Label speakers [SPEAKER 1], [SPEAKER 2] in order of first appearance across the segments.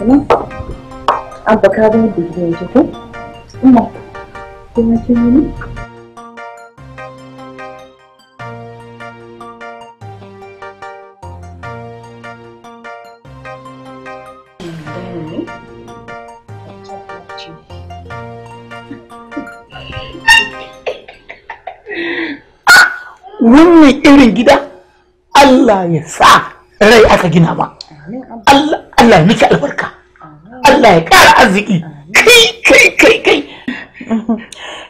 [SPEAKER 1] salam abba ka ga yadda
[SPEAKER 2] wannan irin gida Allah ya sa rai aka gina ba. Allah Allah ya miki albarka Allah ya ƙara arziki kai kai kai kai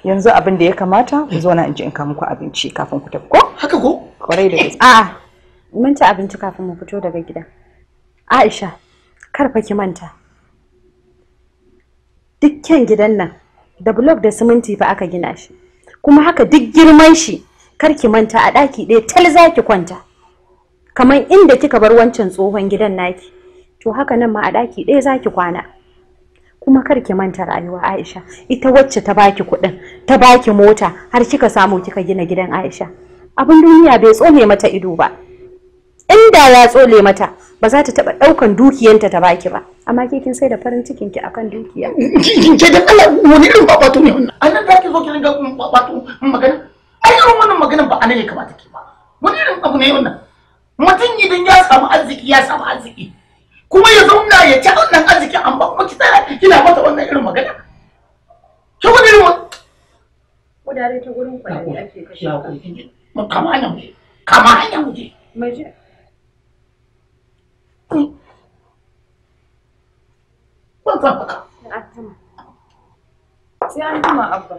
[SPEAKER 1] yanzu abin da ya kamata ku zo na in ji in muku abinci kafin ku tafi ko haka
[SPEAKER 3] ko kwarai da gaske a'a mun ci abinci kafin mu fito daga gida Aisha kar fa ki manta dukkan gidan nan da blok da siminti fa aka gina shi kuma haka duk girman shi kar ki manta a ɗaki ɗaya tal za ki kwanta kamar inda kika bar wancan tsohon gidan naki to haka nan ma a ɗaki ɗaya za ki kwana kuma kar ki manta rayuwa Aisha ita wacce ta baki kuɗin ta baki mota har kika samu kika gina gidan Aisha abin duniya bai tsole mata ido ba inda ya tsole mata ba za ta taɓa ɗaukan dukiyanta ta baki ba amma ke kin sai da farin cikin ki akan dukiya kin ke dan Allah wani irin babatu
[SPEAKER 2] ne wannan annan da ki zo ki ringa babatu magana ai irin wannan magana ba anan ya kamata ki ba wani irin abu ne wannan mutum idan ya samu arziki ya samu arziki kuma ya zauna ya ci wannan arziki an ba kuma ki tsaya kina mata wannan irin magana ki gudu irin wannan
[SPEAKER 1] kudare ta gurin kwalari ake kashe ka
[SPEAKER 2] kama hanya muje
[SPEAKER 1] kama hanya muje je ban hmm. san baka sai an tuma abba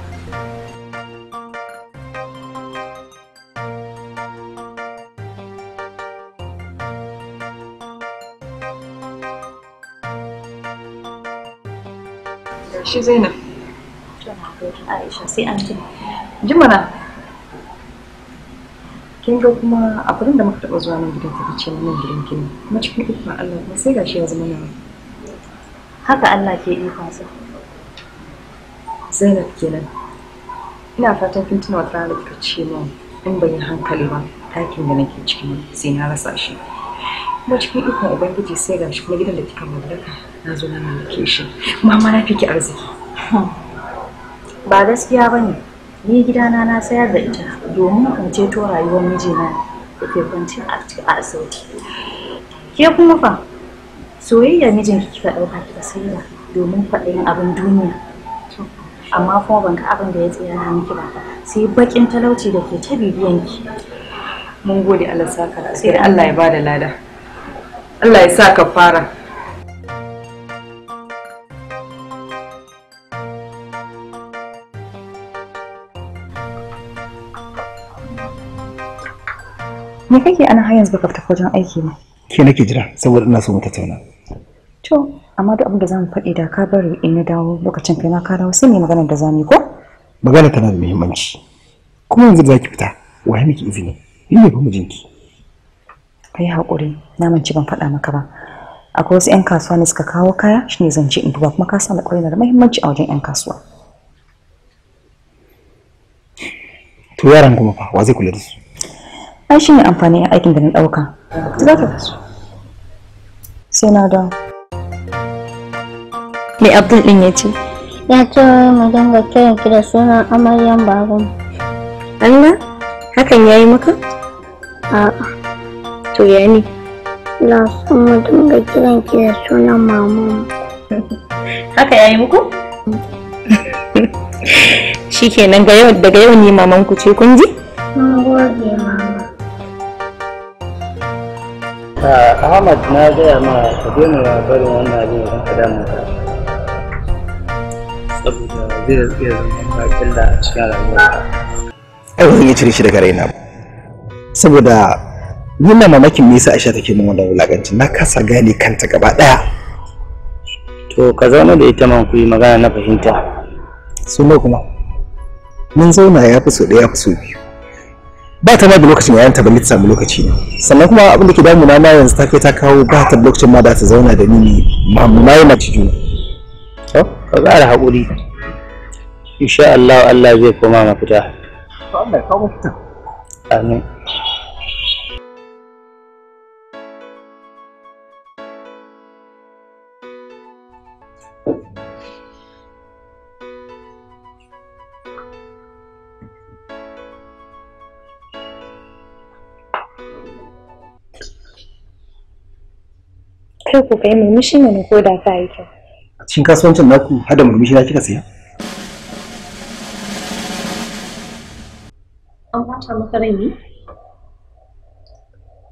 [SPEAKER 1] shi zainab aisha sai an ji jimana kin ga kuma a kudin da muka taɓa zuwa nan gidan ta ce nan gidan kin kuma cikin ikon Allah kuma sai gashi ya zama nan haka Allah ke ikon sa Zainab kenan ina fatan kin tuna wata rana da kika ce min in ban hankali ba takin da nake ciki sai na rasa shi kuma cikin ikon ubangiji sai ga shi kuma gidan da kika mallaka na zo na shi kuma amma na fi ki arziki ba gaskiya ba ne ni gidana na sayar da ita domin in ceto rayuwar mijina da ke kwanci a asibiti ke kuma fa mijin mijinki kika ɗauka kika sayar domin kwaɗayin abin duniya amma kuma ban ga abin da ya tsaya na miki ba sai bakin talauci da ke ta bibiyanki mun gode Allah saka sai da Allah ya bada lada Allah ya sa ka fara Me kake ana har yanzu baka fita wajen aiki ne?
[SPEAKER 2] Ke nake jira saboda ina so mu tattauna.
[SPEAKER 1] To, amma duk abin da zamu faɗi da ka bari in ya dawo lokacin kai ma ka dawo sai ne maganar da zamu ko?
[SPEAKER 2] Magana tana da muhimmanci. Kuma yanzu da zaki fita, waye miki izini? Ni ne mu mijinki.
[SPEAKER 1] kai haƙuri na mance ban faɗa maka ba akwai wasu 'yan kasuwa ne suka kawo kaya shine zan ce in duba kuma ka san alƙawari na da muhimmanci a wajen 'yan kasuwa
[SPEAKER 2] to yaran kuma fa wa zai kula da su
[SPEAKER 1] ai shine amfani a aikin da na ɗauka za ka su sai na dawo me abdul din ya ce ya ce mu dinga kiran ki da sunan amaryan babu. Allah hakan yayi maka a'a
[SPEAKER 3] to ya ne na so mu dinga kiran ki sunan haka ai muku shikenan ce, yau daga yau ne mamanku ce kun ji
[SPEAKER 4] mun gode mama
[SPEAKER 2] Ahmad na gaya ma ka daina labarin wannan abin da ka
[SPEAKER 4] ka saboda zai iya zama killa a cikin rayuwa.
[SPEAKER 2] ba cire shi daga raina saboda Yana mamakin me yasa Aisha take min wannan wulakanci na kasa gane kanta gaba daya. To
[SPEAKER 4] ka zauna da ita man ku yi magana na fahimta.
[SPEAKER 2] Su ne kuma. Mun zauna ya fi so ɗaya ya fi so biyu. Ba ta ma da lokacin yayin ta balle ta samu lokaci ne. Sannan kuma abin da ke damu na yanzu ta kai ta kawo ba ta lokacin ma da ta zauna da ni ma mu na yana juna. To ka ƙara haƙuri.
[SPEAKER 4] Insha Allah Allah zai koma mafita. To Allah ya kawo mafita.
[SPEAKER 2] Amin.
[SPEAKER 1] kai ku kai murmushi ne ko da ka yi kyau
[SPEAKER 2] Cin kasuwancin naku har da murmushi na kika siya
[SPEAKER 1] an bata maka rai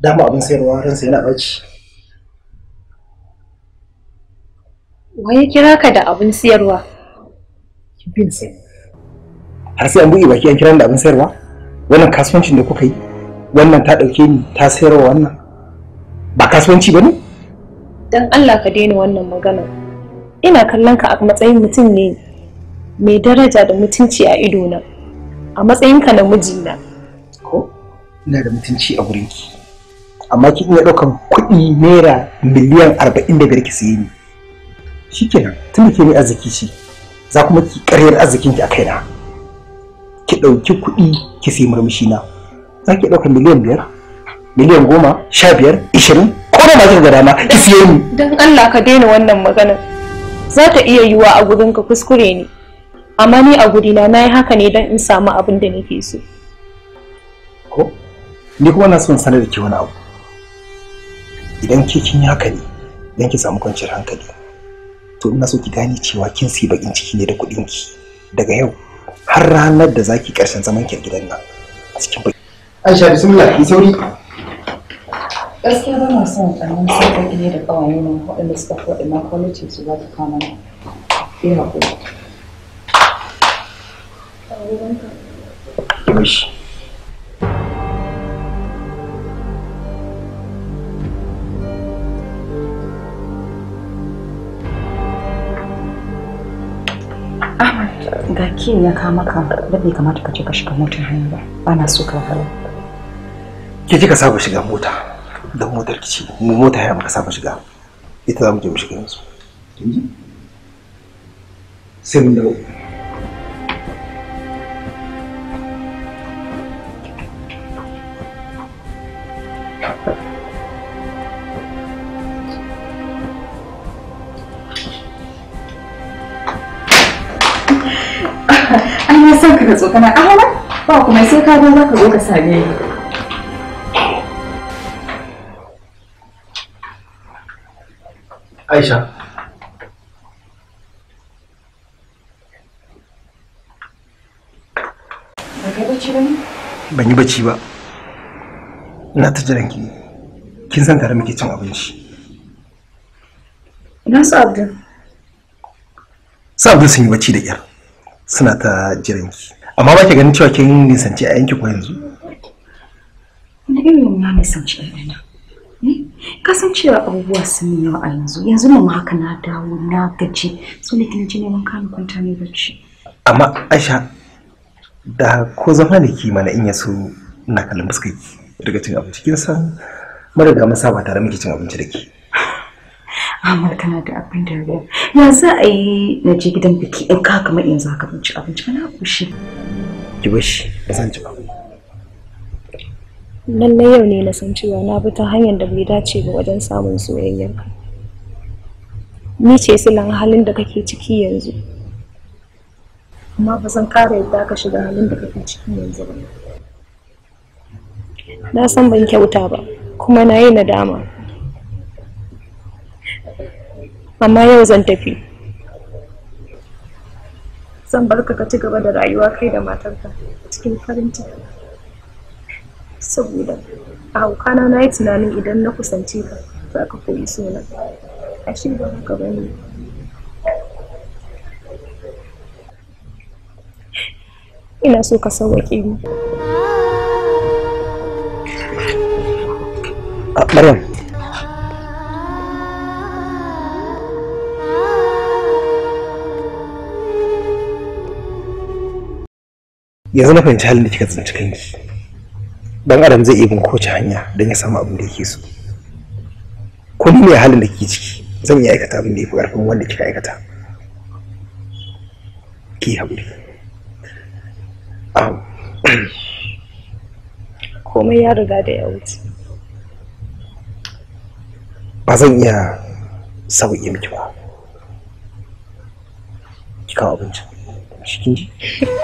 [SPEAKER 2] dama abin sayarwa ran yana na
[SPEAKER 3] wai ya kira ka da abin sayarwa bin sai
[SPEAKER 2] har sai an buɗe baki an kira da abin sayarwa wannan kasuwancin da kuka yi wannan ta ɗauke ni ta sayarwa wannan ba kasuwanci ba ne
[SPEAKER 1] don Allah ka daina wannan magana ina kallon ka a matsayin mutum ne mai daraja da mutunci a idona a matsayinka na mijina
[SPEAKER 2] ko ina da mutunci a gurinki amma ki iya ɗaukan kuɗi naira miliyan arba'in da biyar ki sayi ni shikenan tun da ke mai arziki shi, za kuma ki ƙaryar arzikinki a kaina ki ɗauki kuɗi ki sai murmushi na za ki ɗaukar miliyan biyar miliyan goma sha biyar ishirin ko ma kin ga dama ki siye ni
[SPEAKER 3] dan Allah ka daina wannan magana za ta iya yiwa a gurin ka kuskure ne amma ni a guri na nayi haka ne dan in samu
[SPEAKER 1] abin da nake so
[SPEAKER 2] ko ni kuma na son sanar da ke wani abu idan ke kin haka ne dan ki samu kwanciyar hankali to ina so ki gane cewa kin sai bakin ciki ne da kuɗin ki daga yau har ranar da zaki karshen zaman ki a gidan nan a cikin Aisha bismillah ki sauri
[SPEAKER 1] gaskiya ba na son tsanan sauƙaƙi ne da ƙawaye na waɗanda suka fi waɗannan kwaliti su ba ta na yi haƙuri Thank you. ga ki ya ka maka don bai kamata ka je ka shiga motar hanya ba ba so ka rayu
[SPEAKER 2] ke kika saba shiga mota da motar kici mu mota ya muka saba shiga ita za mu je mu shiga yanzu sai mun dawo
[SPEAKER 1] Ana son ka ka tsokana a ba kuma sai ka zo za ka zo ka same ni.
[SPEAKER 2] Aisha ban yi bacci ba na ta jiran ki kin san tare muke cin abinci
[SPEAKER 1] na su abdul
[SPEAKER 2] su abdul sun yi bacci da kyar suna ta jiran ki amma ba ki ganin cewa kin nisanci a yanki ko yanzu
[SPEAKER 1] Ni ne na nisanci a yanzu kasancewa abubuwa sun yi yawa a yanzu yanzu ne ma haka na dawo na gaji so ne kina jini wanka na kwanta ne bacci
[SPEAKER 2] amma aisha da ko zama ne ki mana in yaso na kallon fuskar ki daga cin abinci kin san mara da masa ba tare muke cin abinci da ke
[SPEAKER 1] amma kana da abin da ruwa ya za a yi na je gidan biki in ka kamar yanzu haka abinci abinci kana kushi
[SPEAKER 2] ki bashi ba zan ci ba
[SPEAKER 1] lallai yau ne na san cewa na bi ta hanyar da bai dace ba wajen samun soyayyarka ni ce silan halin da kake ciki yanzu amma ba zan kare yadda ka shiga halin da kake ciki yanzu ba na san ban kyauta ba kuma na yi nadama amma yau zan tafi zan barka ka ci gaba da rayuwa kai da matarka cikin farin ciki saboda a haukana na yi tunanin idan na kusance ka za ka koyi suna a shi ba haka ba ne ina so ka sauwaƙe ni
[SPEAKER 4] ah, Maryam yanzu
[SPEAKER 2] na fahimci halin da kika tsinci kanki dan adam zai iya bin kowace hanya don ya samu abin da yake so ko ni ne halin da kike ciki zan iya aikata abin da yake karfin wanda kika aikata ki haƙuri
[SPEAKER 1] komai ya riga da ya wuce
[SPEAKER 2] ba zan iya sauƙi miki ba ki kawo abinci shi kin
[SPEAKER 4] ji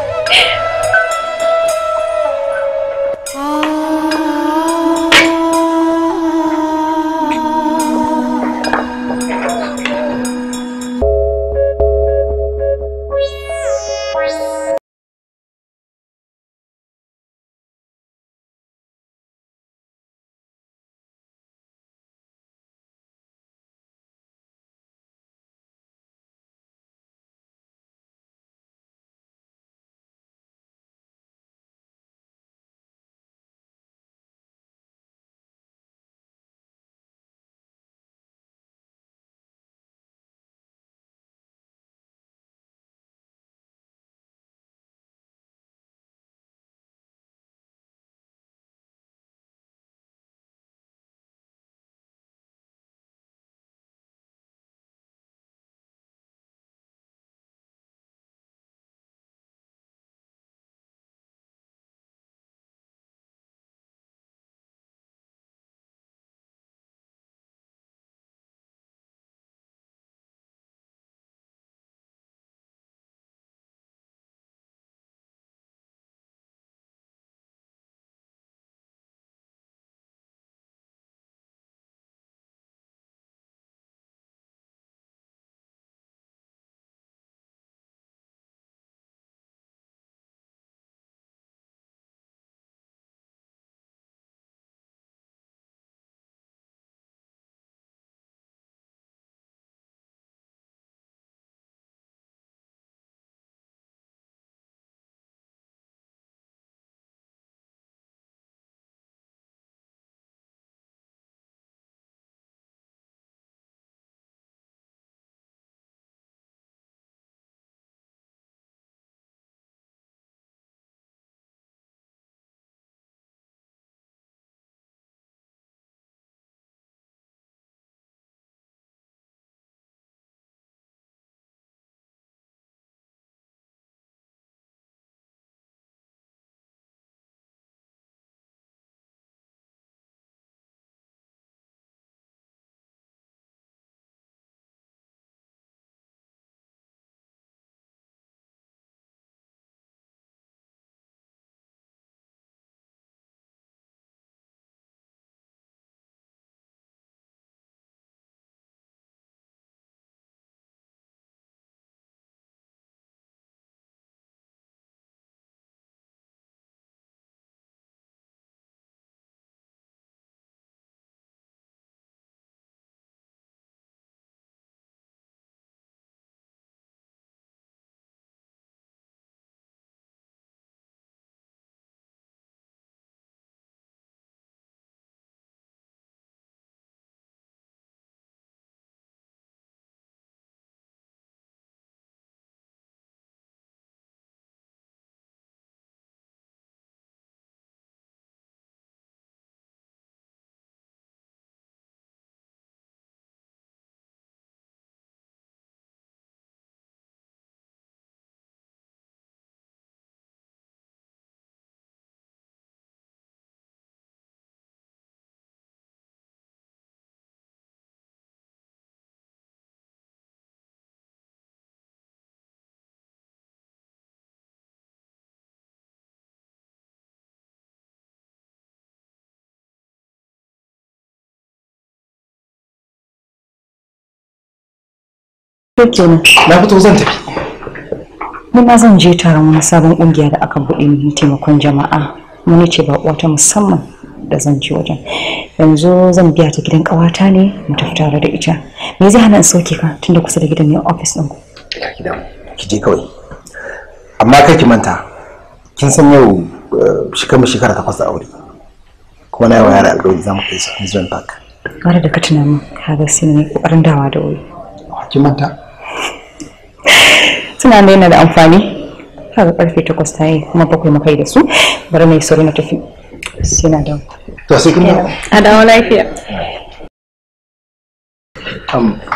[SPEAKER 3] Kenan. Na fito zan tafi. Ni ma zan je taron wani sabon kungiya da aka buɗe min
[SPEAKER 1] taimakon jama'a. Wani ce baƙo ta musamman da zan ci wajen. Yanzu zan biya ta gidan ƙawata ne mu tafi tare da ita. Me zai hana in sauke ka tunda kusa da gidan ne ofis ɗin
[SPEAKER 2] ku? Ya gida ki je kawai. Amma kai ki manta. Kin san yau eh, Shikar mu shekara takwas da aure. Kuma na yawa yara alƙawari za mu kai su Hizban Park.
[SPEAKER 1] Gwada da ka tunanin kaga sai ne ƙoƙarin dawa da wuri. Ki manta? suna da da amfani kaga karfe takwas ta yi kuma bakwai makai da su bari mai sauri na tafi sai na dawo
[SPEAKER 2] to sai kuma
[SPEAKER 1] a dawo lafiya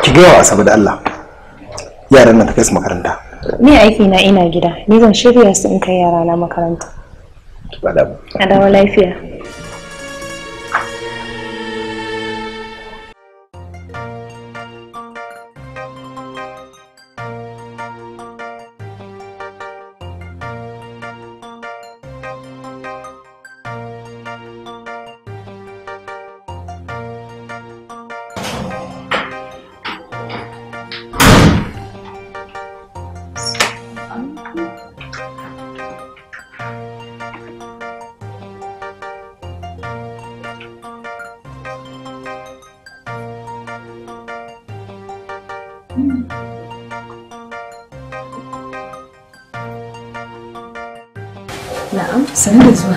[SPEAKER 2] ki gaya wa asabe da Allah yaran nan ta kai su makaranta
[SPEAKER 1] ni aiki na ina gida ni zan shirya su in kai yara na makaranta a dawo lafiya
[SPEAKER 3] Na'am. Sannu da zuwa.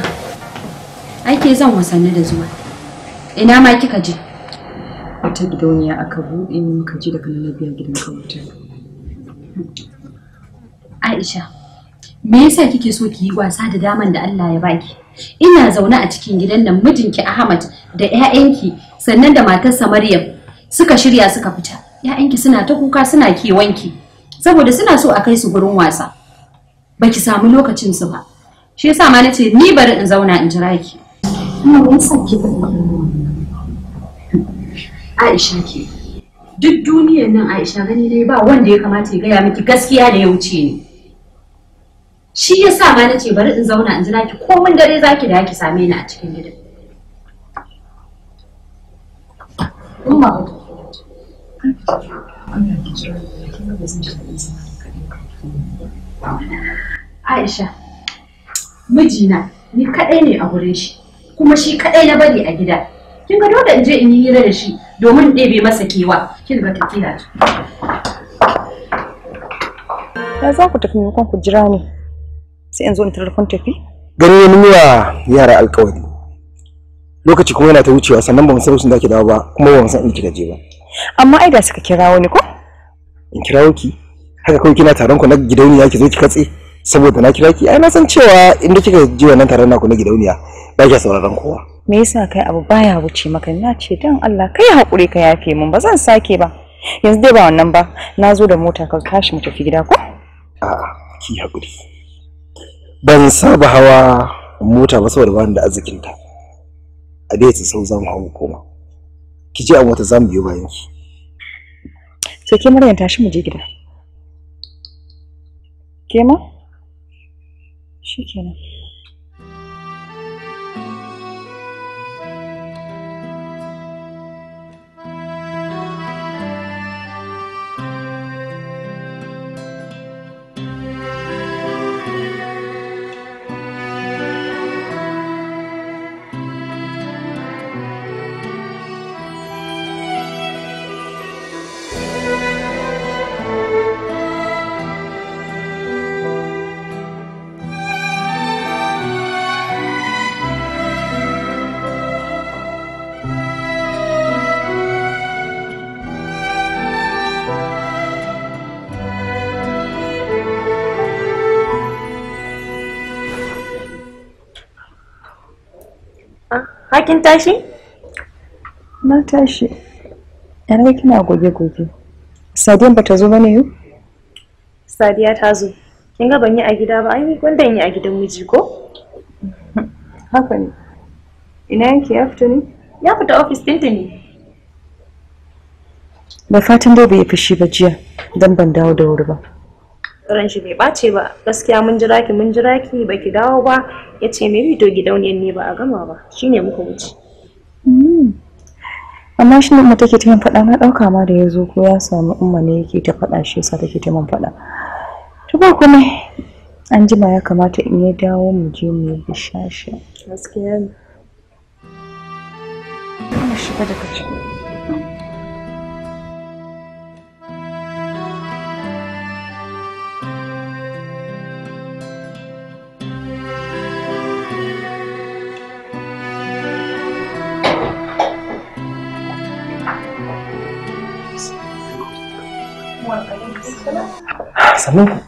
[SPEAKER 3] Ake zan wa da zuwa. Ina ma kika je? Wata gidauniya aka buɗe muka ji daga nan biya gidan kawuta. Aisha, me yasa kike so ki yi wasa da daman da Allah ya baki? Ina zaune a cikin gidan nan mijinki Ahmad da 'ya'yanki sannan da matarsa Maryam suka shirya suka fita. 'Ya'yanki suna ta kuka suna kewanki saboda suna so a kai su gurin wasa. Baki samu lokacinsu ba. shi yasa ma nace ni bari in zauna in jira ki kuma me yasa ki Aisha ke duk duniyar nan Aisha gani dai ba wanda ya kamata ya gaya miki gaskiya da ya wuce ni shi yasa ma nace bari in zauna in jira ki ko mun dare zaki da ki same ni a cikin gidan Umma Aisha mijina ni kaɗai ne a wurin shi kuma shi kaɗai na bari a gida kin ga dole in je in yi hira da shi domin ɗebe masa kewa kin ga tafiya
[SPEAKER 1] ya za ku tafi maimakon ku jira ne sai in zo in tarar kun tafi
[SPEAKER 2] gani wani miya yara alkawari lokaci kuma yana ta wucewa sannan ba mu san da ake dawo ba kuma ba mu san in kika je ba amma ai da suka kira wani ko in kirawo ki haka kawai kina taron ku na gidauniya ki zo ki katse saboda na kira ki ai na san cewa inda kika ji wannan taron naku na gidauniya ba kya sauraron kowa
[SPEAKER 1] me yasa kai abu baya wuce maka na ce dan Allah kai hakuri ka yafe mun ba zan sake ba yanzu dai ba wannan ba na zo da mota ka kashi mu tafi gida ko
[SPEAKER 2] a'a ki hakuri ban saba hawa mota ba saboda bani da arzikinta. ta a dai ta sau zamu hawo koma ki je a mota zamu biyo bayan ki
[SPEAKER 1] sai ke Maryam tashi mu je gida ke ma shikenan kin tashi na tashi yana kina goge-goge Sadiya ba ta zo bane yau sadiya ta zo kin ga ban yi a gida ba ai wanda yi a gidan miji ko haka ne ina yake ya fita ne ya fita ofis ta ne da fatan dai bai fushi ba jiya don ban dawo da wuri ba ran shi bai bace ba gaskiya mun jira ki mun jira ki ba ki dawo ba ya ce me to gidauniyar ne ba a gama ba shine muka wuce hmm. amma shi ne take ta faɗa na ɗauka ma da ya zo ko ya samu umma ne yake ta faɗa shi sa take ta faɗa to ba kuma an jima ya kamata in ya dawo mu je mu yi bishashi gaskiya ne shiga daga sannan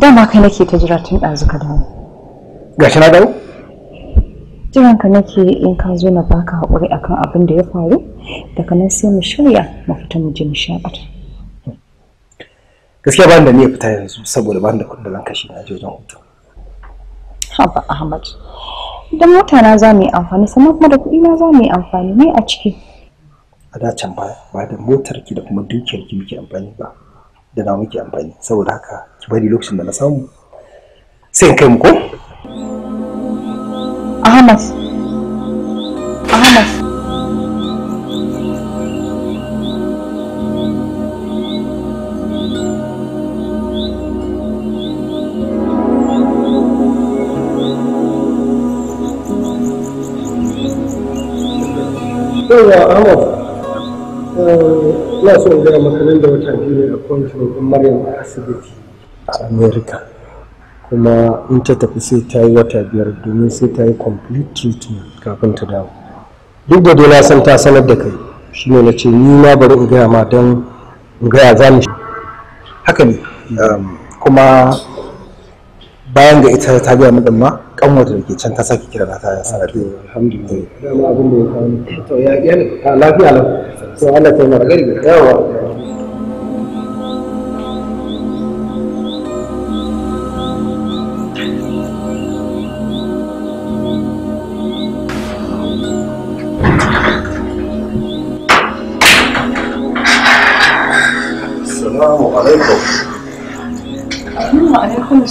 [SPEAKER 1] dama kai nake ta jira tun ɗazu ka dawo gashi na dawo jiran ka nake in ka zo na baka haƙuri akan abin da ya faru daga nan sai mu shirya mu fita mu je mu shaƙata
[SPEAKER 2] gaskiya ba da ni ya fita yanzu saboda ba da kuɗin da zan kashe na je wajen hutu
[SPEAKER 1] haba ahmad idan mota na za mu yi amfani sannan kuma da kuɗi na za mu yi amfani ne a ciki
[SPEAKER 2] a dacen baya ba da motar ki da kuma dukiyar ki muke amfani ba da na muke amfani saboda haka ki bari lokacin da na samu
[SPEAKER 4] sai in kai mu ko
[SPEAKER 1] Ahmad Ahmad
[SPEAKER 4] yeah. ina so gaya maka nan da wata biyu ne akwai shugaban maryam a asibiti a america
[SPEAKER 2] kuma in ta tafi sai ta yi wata biyar domin sai ta yi complete treatment kafin ta dawo
[SPEAKER 4] duk da dole san ta sanar da kai shi ne na ce ni ma bari in gaya ma
[SPEAKER 2] don in gaya za mu haka ne kuma bayan ga ita ta biya mu ma kanwata da ke can ta sake kira ta ya sanar eh, alhamdulillah dama abin da ya kawo to ya ya lafiya lafiya to Allah ta mara gari yawa
[SPEAKER 4] Assalamu alaikum.
[SPEAKER 1] Wa alaikum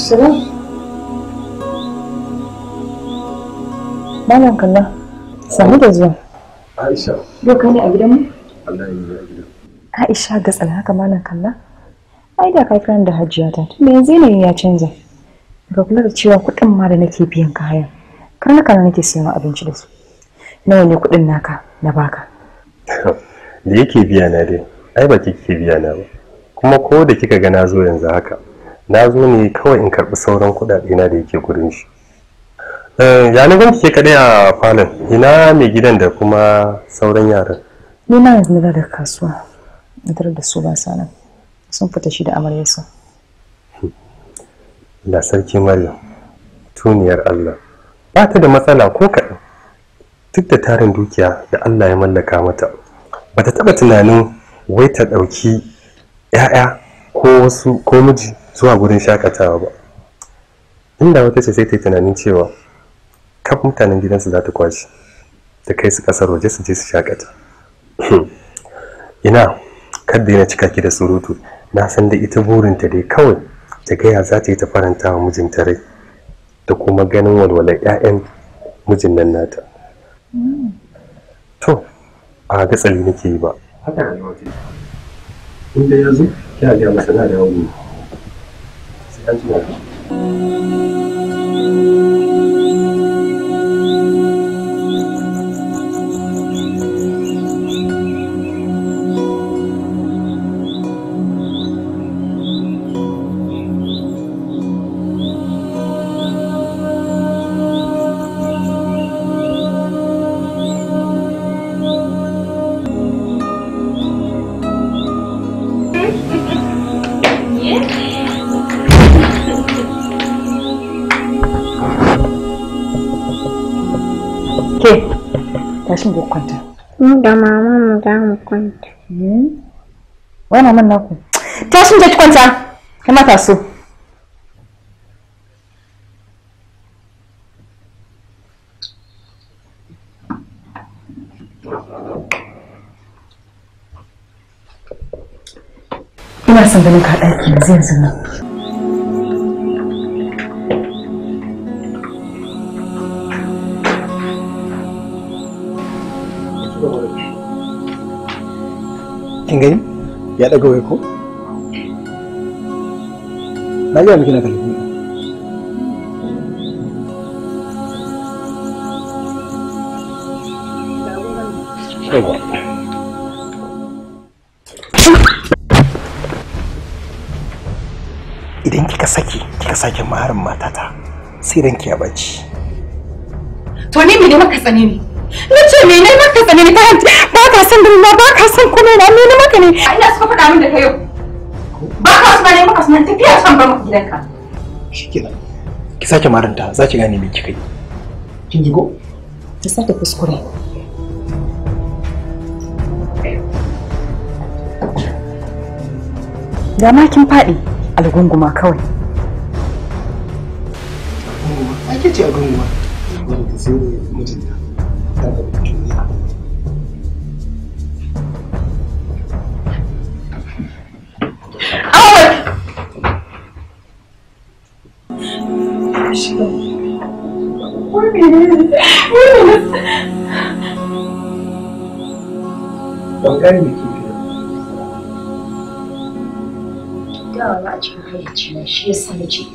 [SPEAKER 1] Malam kalla,
[SPEAKER 4] sami da zuwa. Aisha.
[SPEAKER 1] Yau ka ne a mu?
[SPEAKER 4] Allah yi a gidan.
[SPEAKER 1] Aisha ga tsala haka malam kalla. Ai da kai da hajiya ta, Me yanzu ne ya canza. Ga kula da cewa kuɗin ma da nake biyan kayan, karnuka na nake siyan abinci da su. Nawa ne kuɗin naka na baka?
[SPEAKER 4] Da yake biya na dai, ai ba kike biya na ba. Kuma ko da kika ga na zo yanzu haka, na zo ne kawai in karɓi sauran kuɗaɗe na da yake gurin shi. ya ne gwamnati ke kaɗai a falon ina mai gidan da kuma sauran yaran
[SPEAKER 1] ni na yanzu na da kasuwa na tare da su ba sana sun fita shi da amaryarsa hmm.
[SPEAKER 4] da sarki maryam tuniyar allah ba ta da matsala ko kaɗan duk da tarin dukiya da allah ya mallaka mata ba ta taɓa tunanin wai ta ɗauki 'ya'ya ko wasu ko miji zuwa gurin shakatawa ba inda wata ce sai ta yi tunanin cewa kaf mutanen gidansu za ta kwashi ta kai su kasar waje su je su shakata ina kadda yana cika ki da surutu na san da ita burinta dai kawai ta gaya za ta yi ta faranta wa mijinta rai da kuma ganin walwalar 'ya'yan mijin nan nata to a ga tsali nake yi ba haka ne inda ya zo ya ga masana da sai an ji
[SPEAKER 1] shin ko kwanta Ni da mama mu za mu kwanta hmm? wai maman naku ta shin ki kwanta kai mata so ina son ganin ka ɗaki yanzu yanzu nan
[SPEAKER 2] kin gani ya daga wai ko na ga miki na kalli idan kika saki kika sake maharin matata sai ranki ya baci
[SPEAKER 1] to ni me ne maka tsane ne
[SPEAKER 3] na ce me ne maka ne ta ka san duniya ba ka san kuma ina ne maka ne ina suka faɗa min da kai yau ba ka san ne maka sanan tafiya san ba maka gidanka
[SPEAKER 2] shikenan ki sake maranta za ki gane me kika yi kin ji go
[SPEAKER 3] ki sake
[SPEAKER 1] kuskure da ma kin faɗi algunguma kawai.
[SPEAKER 2] Algunguma, ake ce algunguma.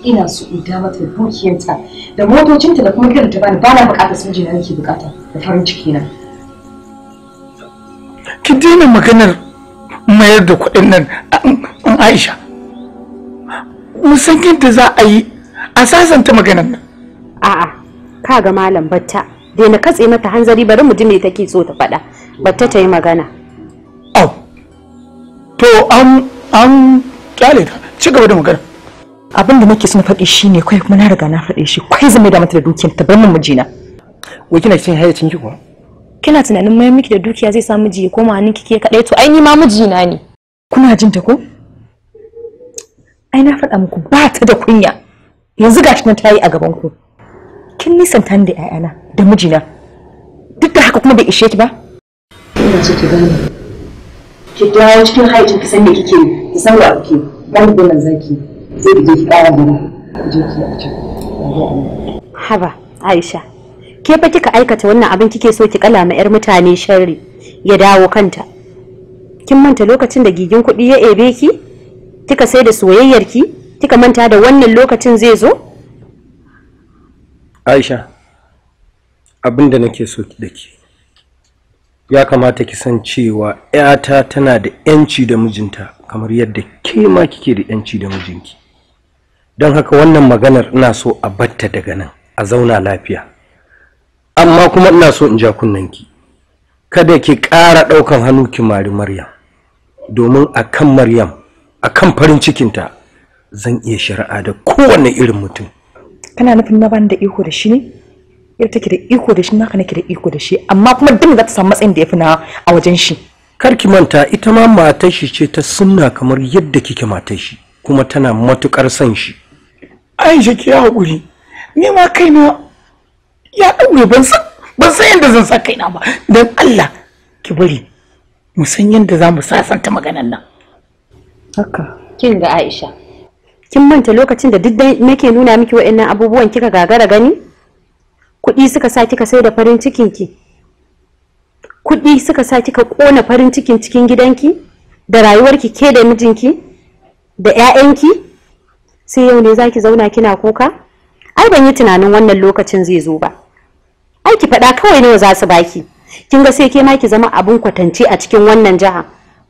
[SPEAKER 1] ina so in ta mata dukiyarta da motocinta da kuma kiran ta bani ba na bukatar sun jina nake bukata da
[SPEAKER 2] farin ciki na ki daina maganar mayar
[SPEAKER 3] da kuɗin nan an Aisha musan kinta za a yi a sasanta maganar nan a'a ka ga malam batta daina katse mata hanzari bari mu ji me take so ta faɗa batta ta yi magana
[SPEAKER 4] au
[SPEAKER 1] to an an kyale ta ci gaba da magana abin da nake son faɗi shi ne kai kuma na riga na faɗe shi kai zan da mata da dukiyar ta bar min mijina wai kina cikin hayyacin ki kuwa
[SPEAKER 3] kina tunanin mai miki da dukiya zai sa miji ya koma hannun kike kadai to ai ni ma mijina ne kuna jin ta ko ai na faɗa muku ba ta da kunya
[SPEAKER 1] yanzu gashi nan ta yi a gaban ku kin nisanta ni da 'ya'yana da mijina duk da haka kuma bai ishe ki ba ina so ki gane ki dawo cikin hayyacin
[SPEAKER 2] ki san me kike ki san wa kike ban da nan zaki
[SPEAKER 3] haba aisha ke fa kika aikata wannan abin kike so ki kala ma yar mutane sharri ya dawo kanta kin manta lokacin da gigin kuɗi ya ebe ki kika sai da soyayyar ki kika manta da wannan lokacin zai zo
[SPEAKER 2] aisha abin da nake so ki dake ya kamata ki san cewa 'yata tana da 'yanci da mijinta kamar yadda ke ma kike da 'yanci da mijinki don haka wannan maganar ina so a batta daga nan a zauna lafiya amma kuma ina so in ja kunnanki kada ki ƙara ɗaukan hannu ki mari maryam domin a kan maryam a kan farin cikinta zan iya shari'a da kowane irin mutum
[SPEAKER 1] kana nufin na bani da iko da shi ne yau take da iko da shi naka nake da iko da
[SPEAKER 2] shi amma kuma duk za ta samu matsayin da ya fi na a wajen shi kar ki manta ita ma matar shi ce ta sunna kamar yadda kike matar shi kuma tana matukar son shi aisha ki ya haƙuri ne ma kaina ya ɗaure ban san ban san yadda zan sa kaina ba don allah ki bari mu san yadda za mu sasanta maganan nan
[SPEAKER 3] haka kin ga aisha kin manta lokacin da duk nake nuna miki waɗannan abubuwan kika gagara gani kuɗi suka sa kika sai da farin cikin ki kuɗi suka sa kika ƙona farin cikin cikin gidanki da rayuwarki ke da mijinki da 'ya'yanki sai yau ne zaki zauna kina kuka ai ban yi tunanin wannan lokacin zai zo ba ai ki faɗa kawai nawa za su baki kin ga sai ke ma ki zama abun kwatance a cikin wannan jiha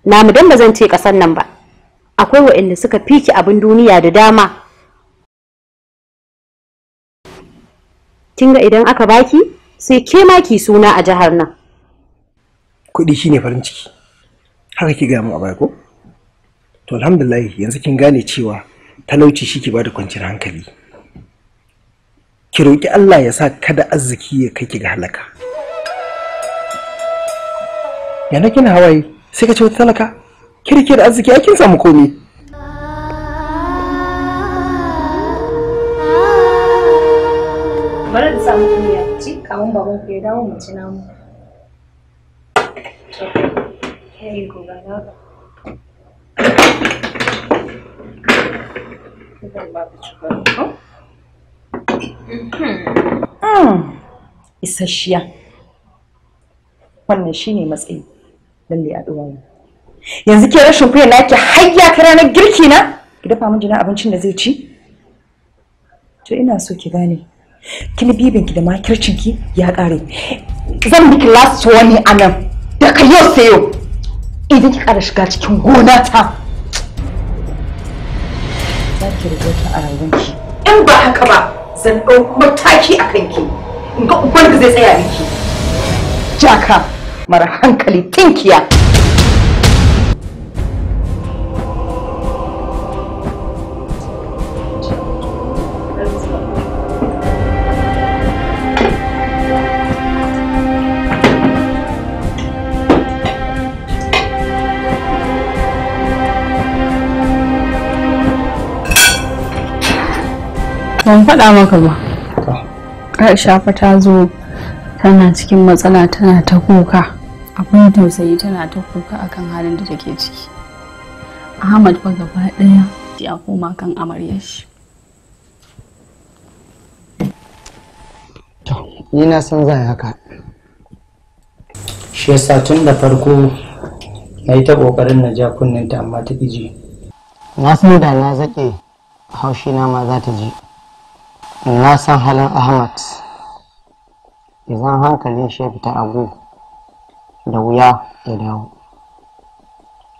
[SPEAKER 3] mu dan ba zan ce kasan nan ba akwai waɗanda suka fiki abin duniya da dama kin ga idan aka baki sai ke ma ki suna a jihar nan
[SPEAKER 2] kuɗi shine farin ciki haka ki gaya mu a baya ko to alhamdulillah yanzu kin gane cewa talauci shi ke bada kwanciyar hankali ki roƙi Allah ya sa kada arziki ya kai ki ga halaka yana kina hawaye sai ka ce wata talaka kirki da arziki kin samu komai
[SPEAKER 1] bari da samu kuya ci kawun baban ku ya dawo mace namu. Hmm. isasshiya wannan matsayi lalle a duwan yanzu ke rashin kuya naki har ya ranar girki na ki dafa min jina abincin da zai ci to ina so ki gane kilibibin ki da makircin ki ya kare zan miki last ne anan daga yau sai yau idan ki ƙara shiga cikin gona ta ki da wata a rayuwarki in ba haka ba zan ɗau mataki a kanki in ga uban da zai tsaya miki jaka mara hankali tinkiya
[SPEAKER 3] ban faɗa maka ba aisha fa ta zo tana cikin matsala
[SPEAKER 1] tana ta kuka akwai tausayi tana ta kuka akan halin da take ciki ahmad fa gaba ɗaya ya koma kan amaryar shi
[SPEAKER 2] ni na san za haka
[SPEAKER 1] shi yasa tun da farko na yi ta ƙoƙarin na ja kunninta amma ta ƙi ji na san da na zaƙe haushi na ma za ta ji na san halin ahmad idan hankalin shi ya fita
[SPEAKER 2] abu da wuya ya dawo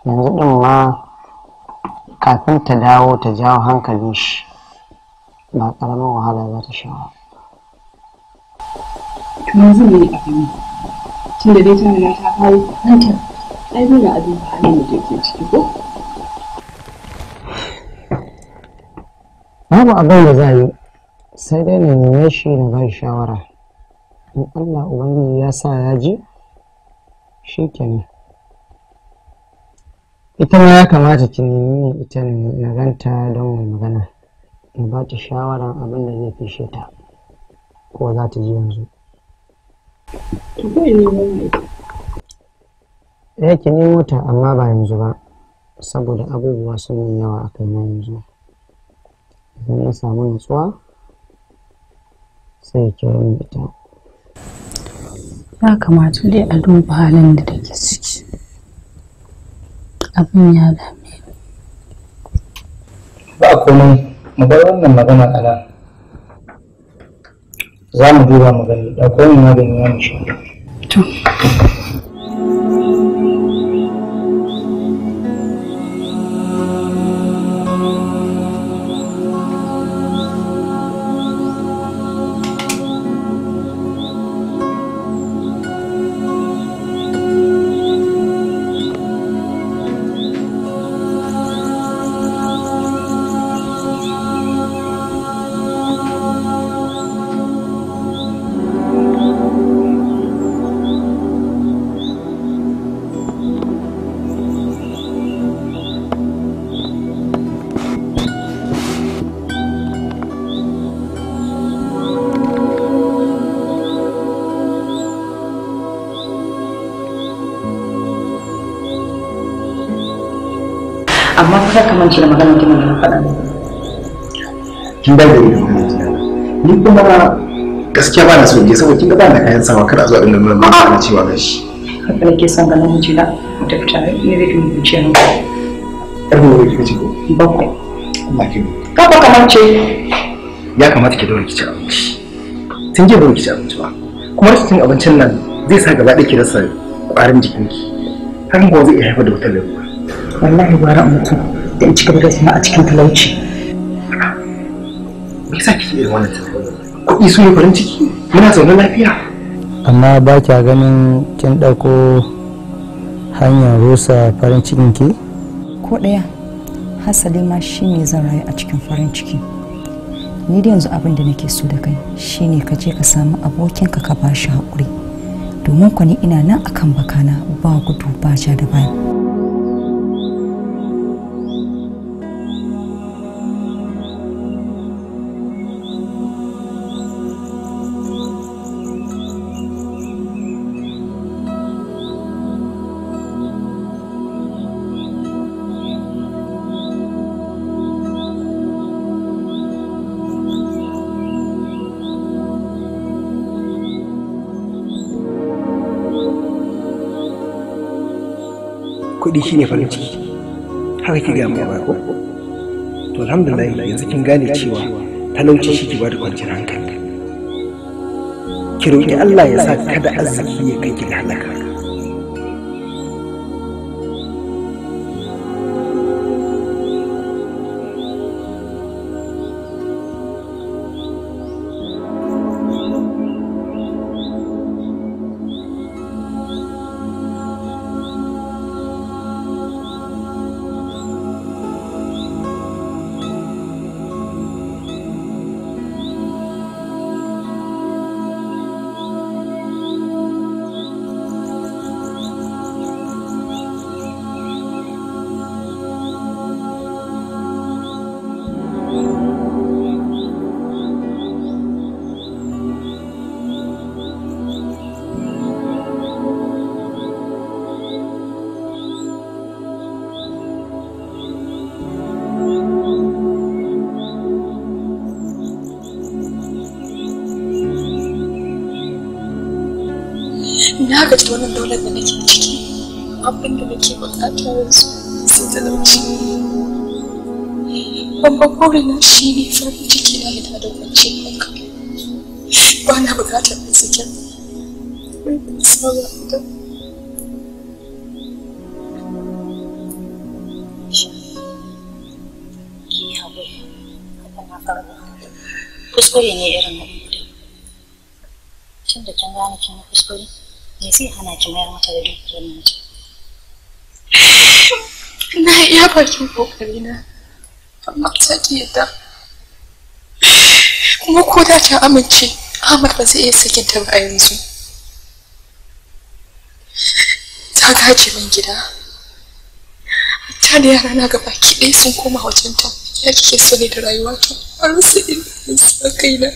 [SPEAKER 2] yanzu ɗin ma kafin ta dawo ta jawo hankalin shi ba
[SPEAKER 1] ƙaramin wahala za ta sha
[SPEAKER 3] yanzu ne a kan
[SPEAKER 1] tun da dai ta ta kawo hanta ai da abin ba hannun da ke ciki ko babu abin da za yi sai dai na neme shi na ban shawara in allah ubangiji ya sa ya ji shi kenan ita ma
[SPEAKER 2] ya kamata ki nemi ita na ganta don mai magana ya ba ta shawaran abin da zai fishe ta ko za ta ji yanzu
[SPEAKER 1] ya eh, ki nemo ta amma ba yanzu ba saboda abubuwa sun yi yawa a kai na yanzu idan na samu nutsuwa
[SPEAKER 4] sai ki rubuta
[SPEAKER 1] ya kamata dai a duba halin da take ciki abin ya dame
[SPEAKER 4] ni ba komai mu bar wannan magana a nan
[SPEAKER 2] za mu duba mu gani da komai magani ya mu shi
[SPEAKER 1] to sa ka mance da maganar kuma da faɗa
[SPEAKER 4] kin ba da
[SPEAKER 2] ni kuma gaskiya ba na so je saboda kin ga ba na kayan sawa kada zuwa dinga nuna mana cewa gashi haka nake son ganin mijina mu tafi tare ne zai kuma zuciya ne ƙarfin wani kika ce ko bakwai Allah Ka kafa kamar ce ya kamata ki daura ki ci abinci tun jiya ba ki ci abinci ba kuma rashin abincin nan zai sa gaba ɗaya ki rasa ƙwarin jikinki hakan kuma zai iya haifar da wata lalura wallahi gwara mutum da in ci gaba da zama a cikin talauci me yasa kike irin wannan tunanin kuɗi su ne farin ciki muna zaune lafiya amma
[SPEAKER 4] ba kya
[SPEAKER 1] ganin kin ɗauko hanyar rusa farin cikin ki ko ɗaya hasali ma shine zan rayu a cikin farin ciki ni da yanzu abin da nake so da kai shine ka je ka samu abokinka ka ba shi haƙuri domin ku ni ina nan akan bakana ba gudu ba ja da baya
[SPEAKER 2] kuɗi ne farin ciki haka ki gaya mai ko to alhamdulillah yanzu kin gane cewa talauci shi ki bada kwanciyar hankali ki roƙi Allah ya sa kada arziki ya kai ki da halaka
[SPEAKER 1] babban burina shi ne farin ciki na yana da kwanciyar hankali ba na bukatar arzikin kuskure ne irin na bude tun da kin gane kin kuskure me sai hana ki mayar mata da dukiyar mace na iya bakin kokari na amma ta ki yadda kuma ko da ta amince Ahmad ba zai iya sakin ta ba a yanzu ta gaji min gida ta da yara na gaba ki ɗaya sun koma wajen ta ya kike so ne da rayuwa ta a rasa ilimin sa kaina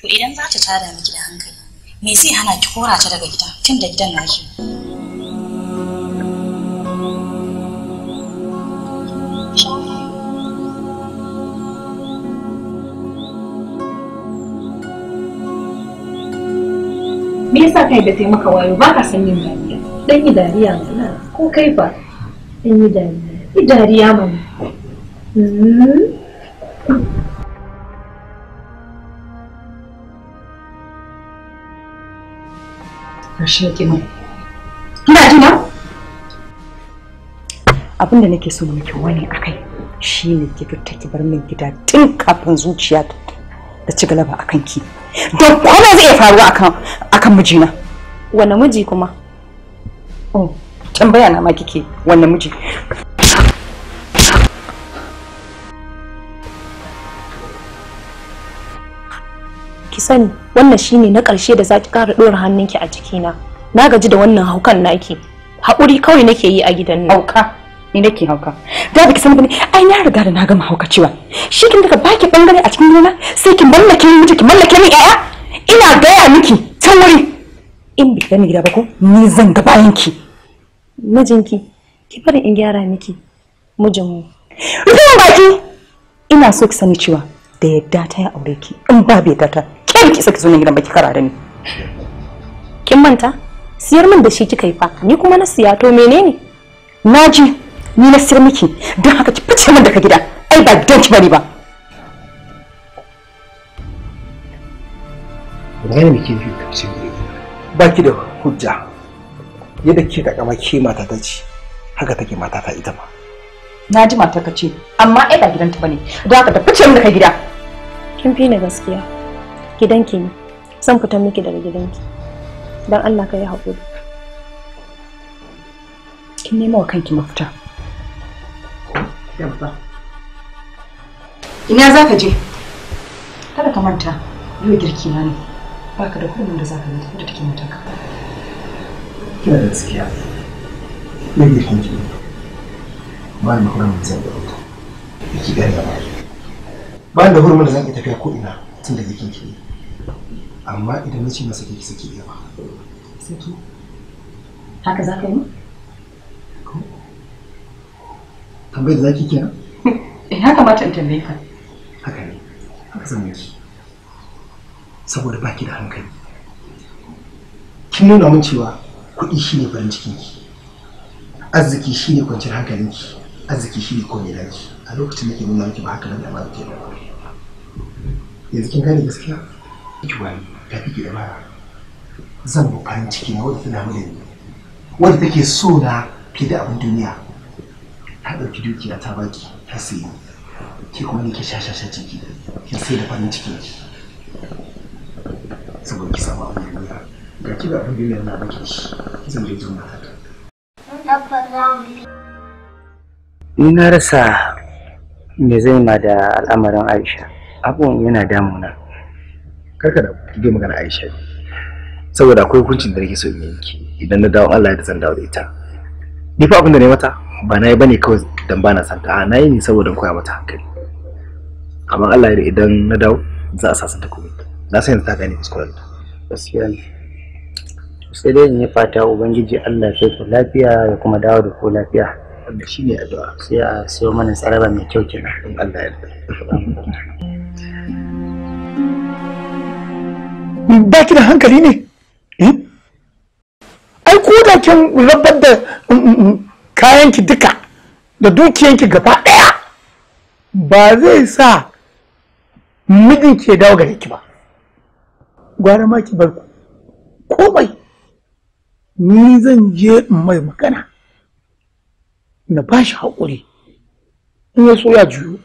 [SPEAKER 3] to idan za ta tada miki da hankali
[SPEAKER 1] me zai hana ki kora ta daga gida tun da gidan naki
[SPEAKER 3] me yasa kai da taimaka wayo ba ka san yin dariya dan yi dariya mana ko kai ba dan yi dariya yi dariya mana
[SPEAKER 1] Rashin hmm? kima. Kina jina? Abin da nake so miki wani akai shine ki fita ki bar min gida tun kafin zuciya ta da ci galaba a kanki don kome zai iya faruwa akan mijina wanne miji kuma oh, tambaya na ma kike wanne miji
[SPEAKER 3] ki sani wannan shine na ƙarshe da zaki ƙara ɗora hannunki a jikina na gaji da wannan haukan naki haƙuri kawai nake yi a gidan nan hauka ni nake hauka da baki san bane ai na riga da na gama hauka cewa shi kin daga baki bangare a cikin
[SPEAKER 1] gidana sai ki mallake ni miji mallake ni yaya ina gaya miki can wuri in bi ni gida ba ko ni zan ga bayan mijinki ki bari in gyara miki mijin mu rufe baki ina so ki sani cewa da yadda ta ya aure ki in ba bai ta kin ki saki sunan gidan baki karara ni kin
[SPEAKER 3] manta siyar min da shi kika yi fa ni kuma na siya to menene
[SPEAKER 1] naji ni
[SPEAKER 3] na sir miki don haka ki fice min daga gida ai ba gidan ki bane ba
[SPEAKER 2] wani ne ke fita ce ba ki da hujja yadda ke da kama ke mata ta ce haka take mata ta ita ma na ji mata ka ce amma ai ba gidanta bane don haka ta fice min daga gida
[SPEAKER 1] kin fi ni gaskiya gidanki ne san fita miki daga gidanki don Allah ka yi haƙuri kin nemo wa kanki mafita Yabba. Ina za ka je? Kada ka manta, yau girki na ne. Baka da kuɗin da za ka tafi da take mutaka.
[SPEAKER 2] Kina da gaskiya. na girkin ki? Ba ni kuɗin da zan yi da Ki gani ba. Ba ni da hurumin da zan yi tafiya ko ina tun da girkin ki. Amma idan na ce masa ki saki iya ba.
[SPEAKER 1] Saki. Haka za ka yi?
[SPEAKER 2] tambayar da zaki kenan
[SPEAKER 1] ya kamata in tambaye ka
[SPEAKER 2] haka ne haka zan yi. saboda baki da hankali kin nuna mun cewa kuɗi shine farin cikin ki arziki shine kwanciyar hankalin ki arziki shine kome da ki a lokacin da ke nuna miki ba haka nan da ba ke da yanzu kin gane gaskiya ki wani Ka fi da bara zan bu farin ciki na wadda tana mu da ni wadda take so na fi da abin duniya ta ɗauki dukiya ta baki ta sayi ki kuma nake shashashen ciki ki sai da farin cikin ki saboda ki samu abin da ya ga ki da abin
[SPEAKER 4] da na baki shi zan je zuwa
[SPEAKER 1] ta
[SPEAKER 4] ni na rasa me zai ma da al'amarin Aisha abun
[SPEAKER 2] yana damuna karka da ki magana Aisha saboda akwai hukuncin da nake so in yanki idan na dawo Allah ya da zan dawo da ita ni fa abin da ne mata ba na yi bane kawai dan ba na santa a na yi ne saboda koya mata hankali amma Allah ya idan na dawo za a sasanta komai na san ta gane kuskuren ta gaskiya ne sai dai ne fata ubangiji Allah ya kai ku lafiya ya kuma dawo da ku lafiya wanda shine addu'a sai a siyo mana tsaraba mai kyau kenan in Allah ya yarda
[SPEAKER 3] ba ki da hankali ne hmm?
[SPEAKER 2] ai ko da kin rabar da kayanki duka da dukiyanki gaba ɗaya ba zai sa mijinki ya dawo gare ki ba gwara ma ki bar ku komai ni zan je in mai magana na ba shi
[SPEAKER 3] haƙuri in ya so ya juyo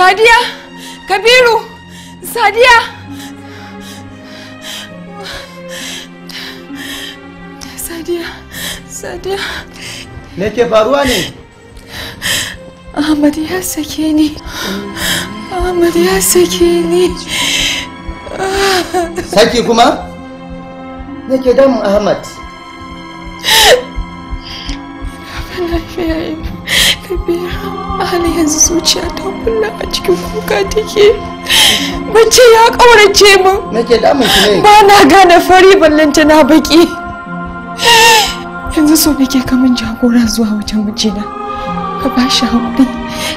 [SPEAKER 3] Sadiya! Kabiru! Sadiya!
[SPEAKER 1] Sadiya!
[SPEAKER 2] Sadiya! Me ke faruwa ne?
[SPEAKER 1] Ahmad ya sake ni. Ahmad ya sake ni. Saki kuma? Me ke damun Ahmad? Ina ban Rabia, a halin yanzu zuciya ta kulla a cikin kuka take. Bace ya ƙaurace
[SPEAKER 2] min. Ba na gane
[SPEAKER 1] fari ballanta na baki. Yanzu so nake kamun jagora zuwa wajen mijina. Ka ba shi haƙuri.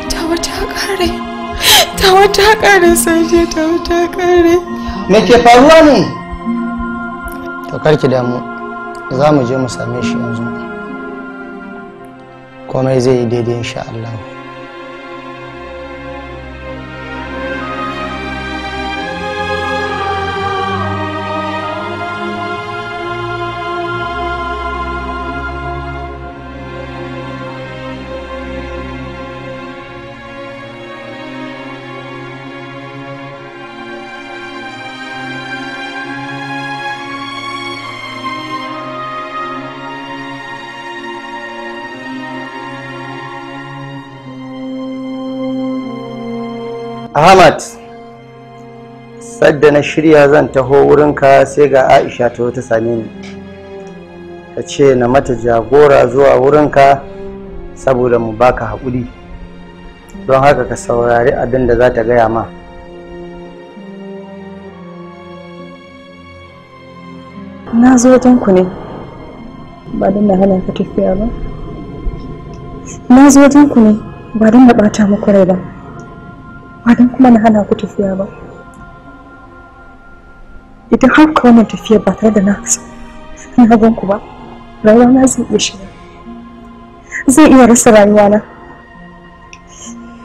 [SPEAKER 1] Ta wata ƙare. Ta wata ƙare ta wata ƙare. Me ke faruwa ne?
[SPEAKER 2] To damu. Za mu je mu same shi yanzu. komai zai yi daidai insha Allah ahmad sadda na shirya zan taho wurinka sai ga aisha ta ta same ni ta ce na mata jagora zuwa wurinka saboda mu baka haƙuri don haka ka saurari abin da za ta gaya ma
[SPEAKER 1] na zo ku ne ba don na hana ka tafiya ba na zo ku ne ba don na ɓata muku rai ba ba don kuma na hana ku tafiya ba idan har ka wannan tafiya ba tare da na na gan ku ba rayuwa na zai iya shiga zai iya rasa rayuwa na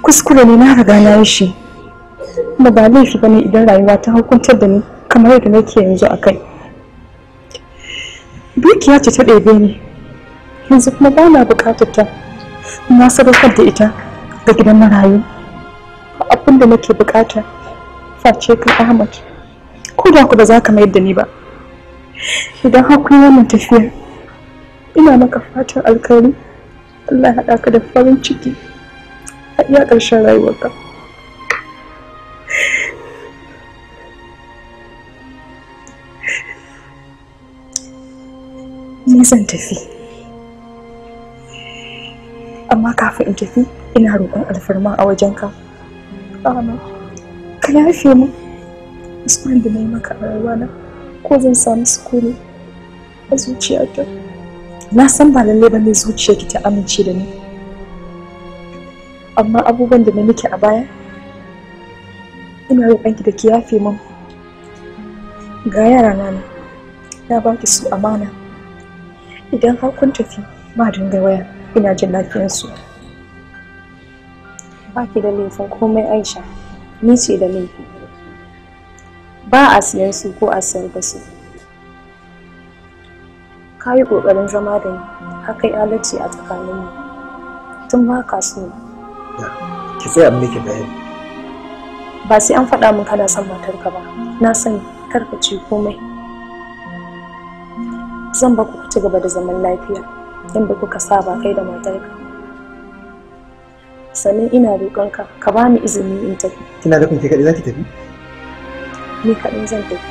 [SPEAKER 1] kuskure ne na riga na yi shi kuma ba laifi ba ne idan rayuwa ta hukuntar da ni kamar yadda nake yanzu a kai dukiya ce ta ɗebe ni yanzu kuma ba na buƙatar ta na sadaukar da ita ga gidan marayu ba abin da nake bukata face ka ahmad ko da ku ba za ka mayar da ni ba idan har kun wannan tafiya ina maka fatan alkhairi allah haɗa ka da farin ciki a iya ƙarshen rayuwarka ni zan tafi amma kafin in tafi ina roƙon alfarma a wajenka Ana, ka yafe mu. Kuskuren da na yi maka a ko zan sami sukuni a zuciyata. Na san ba lallai ba ne zuciyarki ta amince da ni. Amma abubuwan da na miki a baya, ina roƙonki da ki yafe min. Ga yara na ne, na baki su amana. Idan har kun tafi, ma dinga waya, ina jin lafiyarsu. su. ba ki da laifin komai aisha ni ce da laifin ba a siyan su ko a sayar da su ka yi ƙoƙarin zama da ni haka yi alaci a tsakaninmu tun ba ka so
[SPEAKER 2] ki amma ki bayani
[SPEAKER 1] ba sai an faɗa min kana son ka ba na sani karka ce komai zan ba ku ci gaba da zaman lafiya inda kuka saba kai da matarka sannan ina roƙon ka ba ni izini in tafi
[SPEAKER 2] kina da kun ke kaɗai za ki tafi
[SPEAKER 1] ni kaɗai zan tafi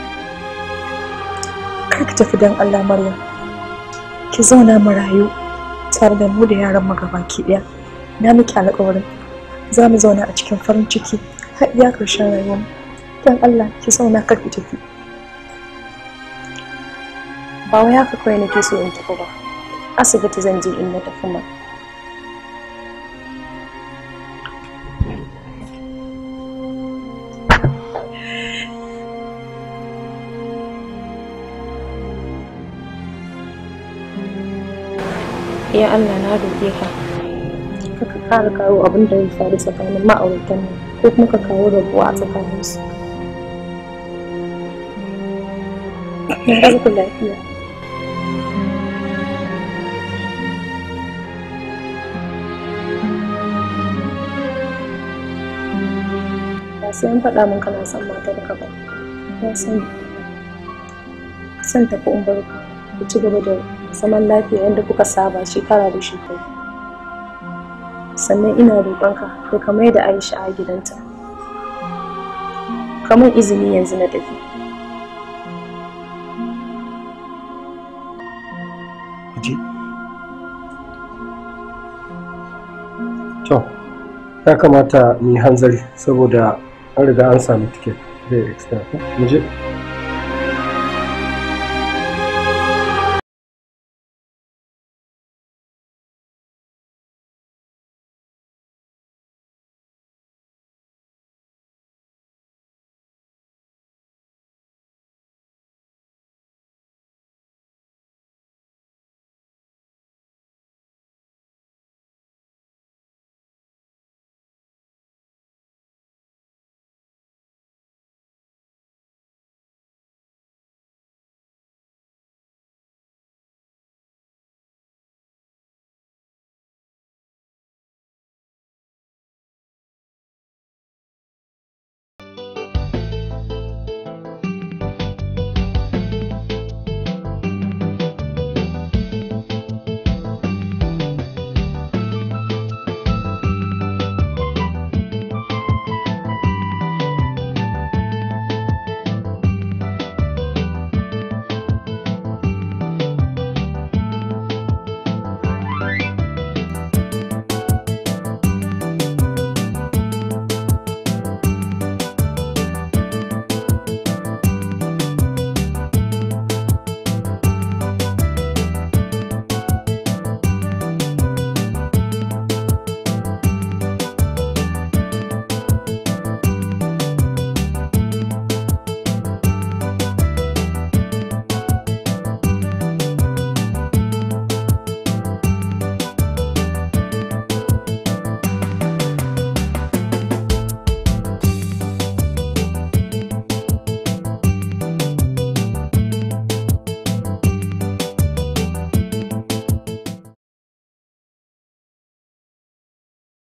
[SPEAKER 1] kar ki tafi don Allah Maryam ki zauna mu rayu tare da mu da yaran mu ki ɗaya na miki alƙawarin za mu zauna a cikin farin ciki har iya ƙarshen rayuwar don Allah ki zauna kar ki tafi ba wai haka kawai nake so in tafi ba asibiti zan je in na tafi ma ya eh, Allah na roƙe ka ka kara kawo abin da ya faru tsakanin ma'auratan nan ko kuma ka kawo rabuwa a tsakanin su ku lafiya ba sai an faɗa min kana son matar ka ba na sani san tafi in bar ku ci gaba da zaman lafiya yadda kuka saba shekara da shekaru sannan ina roƙonka to ka mai da aisha a gidanta kamar izini yanzu na tafi
[SPEAKER 4] to ya kamata ni hanzari saboda an riga an sami tiket da extra mu je